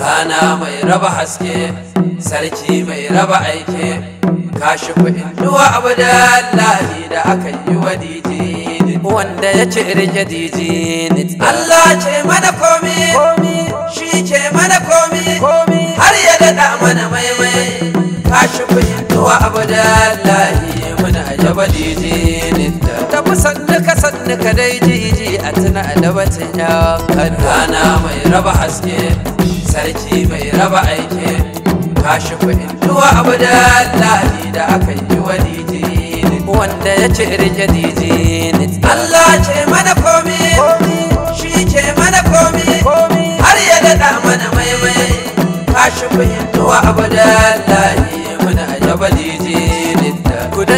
rana mai raba haske sarki mai raba aike kashi induwa abu da lahi da aka yi wa diji wanda ya ce rike diji Allah ce mana komi shi ce mana komi har ya daɗa mana maimai kashi induwa abu da lahi muna ajaba diji ku sannu ka sannu ka dai jiji a tuna da batun yawan kano mai raba haske sarki mai raba aike kashi kuɗin duwa abu da lahi da aka yi wani jini wanda ya ce rike jini Allah ce mana komi shi ce mana komi har ya daɗa mana maimai kashi kuɗin duwa abu da lahi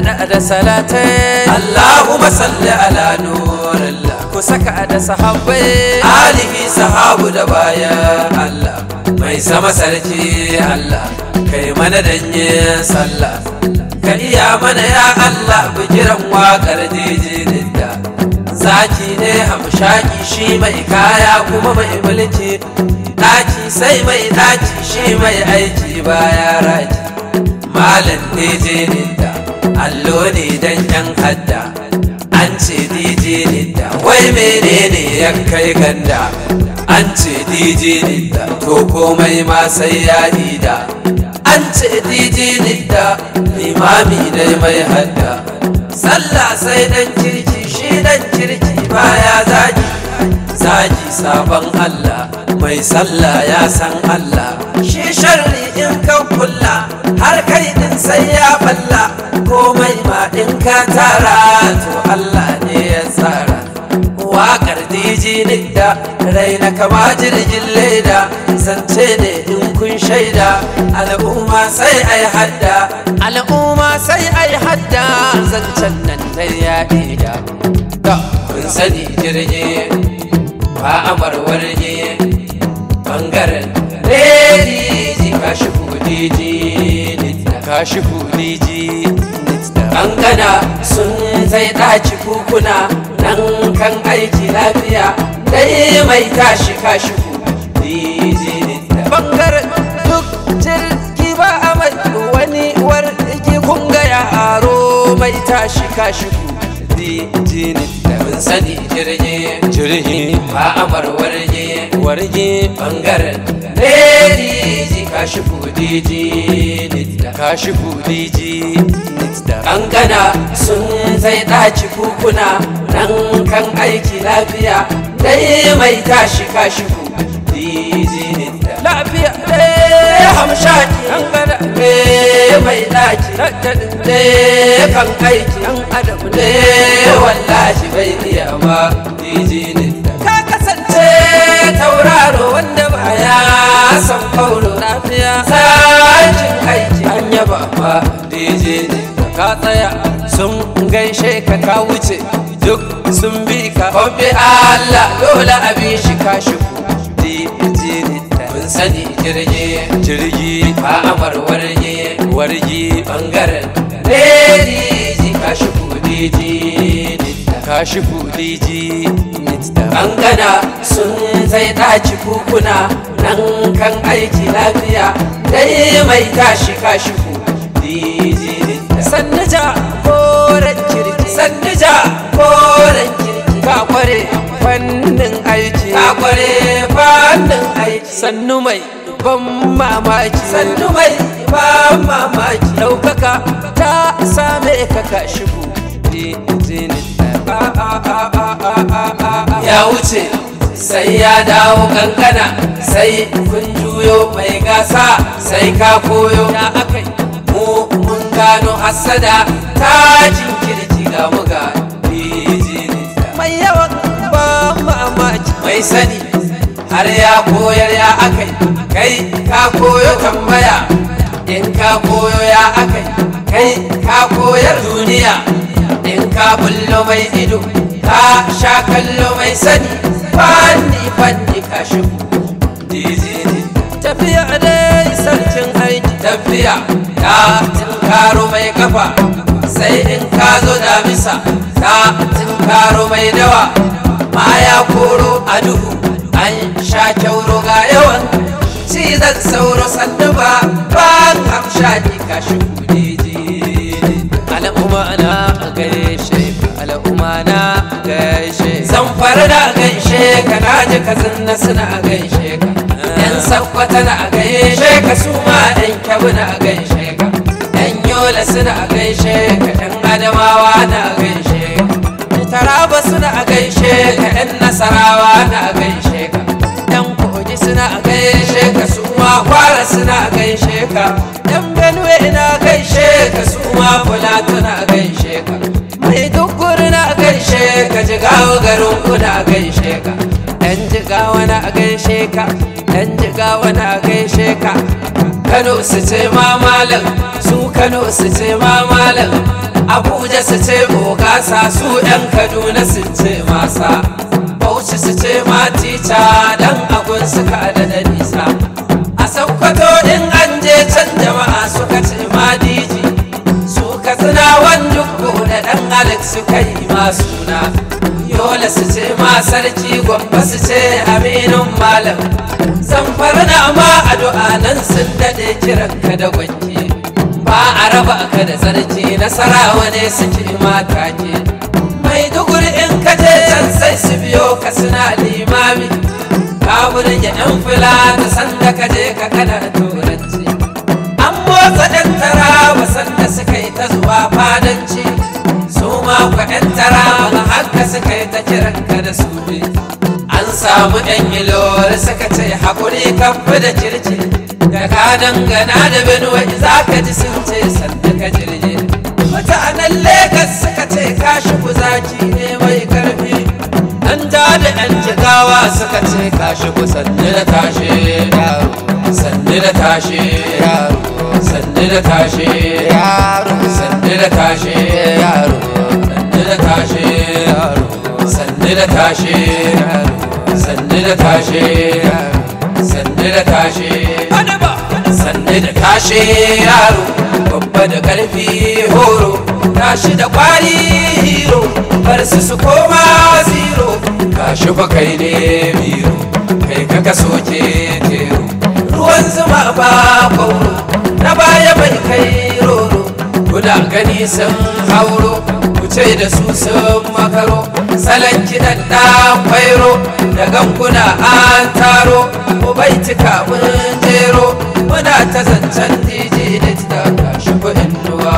daɗa da salate Allahumma salli ala nurillah ku saka da sahabbai alihi sahabu da baya Allah mai sama sarki Allah kai mana danye sallah ka iya mana ya Allah bijiran waƙar jijinin da zaki ne hamshaki shi mai kaya kuma mai mulki ɗaci sai mai ɗaci shi mai aiki baya raji malam ne allo ne dan yan hadda an ce dj da. wai menene ya kai ganda an ce dj da. to komai ma sai ya da an ce dj nidda limami ne mai hadda sallah sai dan kirki shi dan kirki baya zaki Zaji sabon Allah mai sallah ya san Allah shi sharri in ka kulla har kai din sai ya balla komai ma in ka tara to Allah ne ya tsara waƙar diji da raina kama jirgin leda zance ne in kun shaida al'umma sai ai hadda al'umma sai ai hadda zancen nan ta yaɗi da kun sani jirgin fa'amar warje bangaren leji kashi ka nitna kashi fuliji nitna kankana sun zai ɗaci kukuna nan kan aiki lafiya dai mai tashi kashi fuliji nitna Ɓangaren duk jirgi ba a mai wani war kun gaya aro mai tashi kashi fuliji nitna sani jirgi jirgi ba amar warge warge bangaren lady ji kashi fudiji nitda kashi fudiji nitta kankana sun zai daci kukuna nan kan aiki lafiya dai mai tashi kashi fudiji nitta lafiya dai hamshaki ne mai daki ne kan aiki an adam ne wallahi bai iya ba ne ka kasance tauraro wanda ba ya san kauro lafiya sakin aiki an yaba ba dije ka tsaya sun gaishe ka ka wuce duk sun bi ka kofi Allah dole abin shi ka shigo dije ne sani jirgi jirgi ba amar warge warge bangaren leji kashi kudeji kashi kudeji bangana sun zai daci kukuna nan kan aiki lafiya dai mai tashi kashi kudeji sannaja rajji sannu mai ban mamaki sannu mai ban mamaki ɗaukaka ta same ka ka shigo jinin ya wuce sai ya dawo kankana sai kun juyo mai gasa sai ka koyo na akai mu mun gano hasada ta kirji ga muga mai yawan ba mamaki mai sani har ya koyar ya akai kai ka koyo tambaya in ka koyo ya akai kai ka koyar duniya in ka bullo mai ido ka sha kallo mai sani fanni fanni ka shigo tafiya dai sarkin aiki tafiya ta tinkaro mai kafa sai in ka zo da bisa ta tinkaro mai dawa ma ya koro a duhu sha kyauro ga yawan cizon sauro sannu ba ba kam sha ki ka shi kudeji al'umma na gaishe al'umma na gaishe zan fara da gaishe ka naji kazin na suna gaishe ka yan sakwata na gaishe ka su ma dan kyabu na gaishe ka yan yola suna gaishe ka dan adamawa na gaishe ka taraba suna gaishe ka yan nasarawa na gaishe. hau garin kuna gaishe ka ɗan jiga wani a gaishe ka ɗan jiga wani gaishe ka kano su ce ma malam su kano su ce ma malam abuja su ce bogasa su yan kaduna su ce masa bauchi su ce ma tica dan agun suka da da nisa a sakkwato din an je can jama'a suka ce ma diji su katsina wani duk da ɗan alex suka yi ma suna da su ce ma sarki gwamba su ce aminin malam zan farna ma addu'a nan sun daɗe kiranka da gwanki ba a raba ka da sarki nasarawa ne suke ma ke mai duguri in ka je can sai su biyo ka suna limami ka ya yan fila da sanda ka je ka kana kanka da su an samu ɗan ilowar suka ce haƙuri kafa da kirki. da ka dangana da binuwa za ka ji sun ce sanda ka jirje mutanen legas suka ce shi zaki ne mai karfi an da da ɗan jigawa suka ce shi ku sanda da tashe yaro sanda da tashe yaro sanda da tashe yaro sanni da tashe yaro sanni da tashe sannu da tashe sannu da tashe yaro babba da karfi horo tashi da kwari hero bar su su koma zero tashi fa kai ne biro kai ka kaso ke tero ruwan zuma ba kwauro na baya bai kai roro guda gani sun hauro kuce da su sun makaro salon kiɗan da kwairo da gankuna an taro ko bai cika mun jero muna ta zancen dj da ta tashi kuɗin ruwa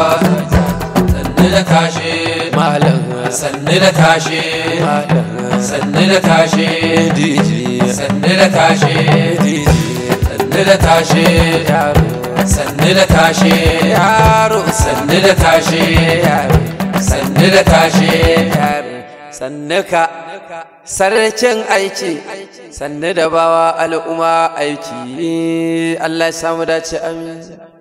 sannu da tashi malam sannu da tashi malam sannu da kashi dj sannu da tashi dj sannu da tashi yaro sannu da tashi yaro sannu da tashi yaro sannu da tashe sannu ka sarkin aiki sannu da bawa al'umma aiki Allah ya samu dace amin